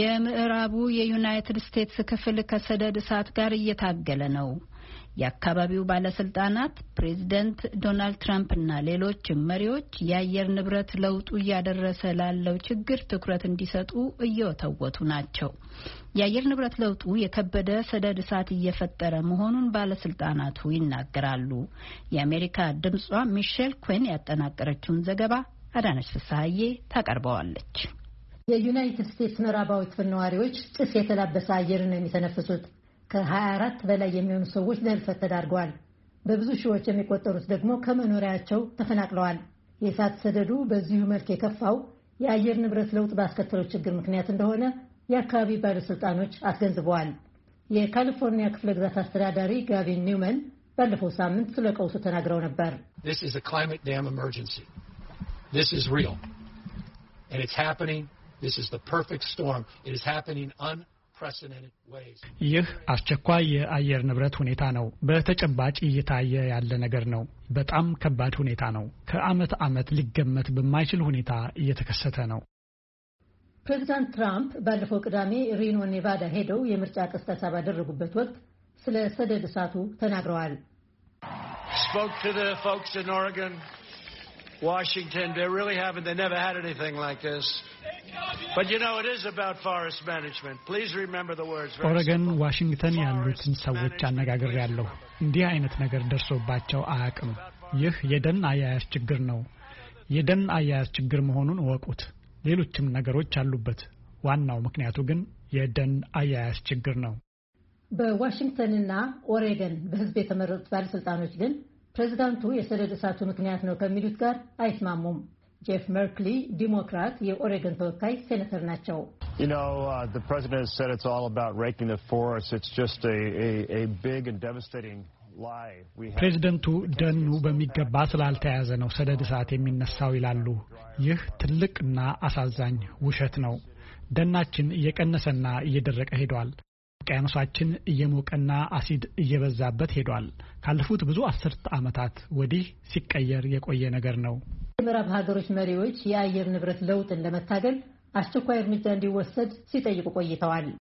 የምዕራቡ የዩናይትድ ስቴትስ ክፍል ከሰደድ እሳት ጋር እየታገለ ነው። የአካባቢው ባለስልጣናት ፕሬዚደንት ዶናልድ ትራምፕ እና ሌሎችም መሪዎች የአየር ንብረት ለውጡ እያደረሰ ላለው ችግር ትኩረት እንዲሰጡ እየወተወቱ ናቸው። የአየር ንብረት ለውጡ የከበደ ሰደድ እሳት እየፈጠረ መሆኑን ባለስልጣናቱ ይናገራሉ። የአሜሪካ ድምጿ ሚሼል ኩዌን ያጠናቀረችውን ዘገባ አዳነች ፍስሀዬ ታቀርበዋለች። የዩናይትድ ስቴትስ ምዕራባዊ ክፍል ነዋሪዎች ጭስ የተላበሰ አየር ነው የሚተነፍሱት። ከ24 በላይ የሚሆኑ ሰዎች ለህልፈት ተዳርገዋል። በብዙ ሺዎች የሚቆጠሩት ደግሞ ከመኖሪያቸው ተፈናቅለዋል። የእሳት ሰደዱ በዚሁ መልክ የከፋው የአየር ንብረት ለውጥ ባስከተለው ችግር ምክንያት እንደሆነ የአካባቢ ባለሥልጣኖች አስገንዝበዋል። የካሊፎርኒያ ክፍለ ግዛት አስተዳዳሪ ጋቪን ኒውመን ባለፈው ሳምንት ስለ ቀውሱ ተናግረው ነበር። This is a climate dam emergency. This is real. And it's happening This is the perfect storm. It is happening un ይህ አስቸኳይ የአየር ንብረት ሁኔታ ነው። በተጨባጭ እየታየ ያለ ነገር ነው። በጣም ከባድ ሁኔታ ነው። ከዓመት ዓመት ሊገመት በማይችል ሁኔታ እየተከሰተ ነው። ፕሬዚዳንት ትራምፕ ባለፈው ቅዳሜ ሪኖ ኔቫዳ ሄደው የምርጫ ቅስቀሳ ባደረጉበት ወቅት ስለ ሰደድ እሳቱ ተናግረዋል። ኦረገን፣ ዋሽንግተን ያሉትን ሰዎች አነጋግሬያለሁ። እንዲህ አይነት ነገር ደርሶባቸው አያውቅም። ይህ የደን አያያዝ ችግር ነው። የደን አያያዝ ችግር መሆኑን እወቁት። ሌሎችም ነገሮች አሉበት። ዋናው ምክንያቱ ግን የደን አያያዝ ችግር ነው። በዋሽንግተንና ኦሬገን በህዝብ የተመረጡት ባለስልጣኖች ግን ፕሬዚዳንቱ የሰደድ እሳቱ ምክንያት ነው ከሚሉት ጋር አይስማሙም። ጄፍ መርክሊ ዲሞክራት የኦሬገን ተወካይ ሴኔተር ናቸው። uh, ፕሬዚደንቱ ደኑ በሚገባ ስላልተያዘ ነው ሰደድ እሳት የሚነሳው ይላሉ። ይህ ትልቅና አሳዛኝ ውሸት ነው። ደናችን እየቀነሰና እየደረቀ ሄዷል። ውቅያኖሳችን እየሞቀና አሲድ እየበዛበት ሄዷል። ካለፉት ብዙ አስርት ዓመታት ወዲህ ሲቀየር የቆየ ነገር ነው። የምዕራብ ሀገሮች መሪዎች የአየር ንብረት ለውጥን ለመታገል አስቸኳይ እርምጃ እንዲወሰድ ሲጠይቁ ቆይተዋል።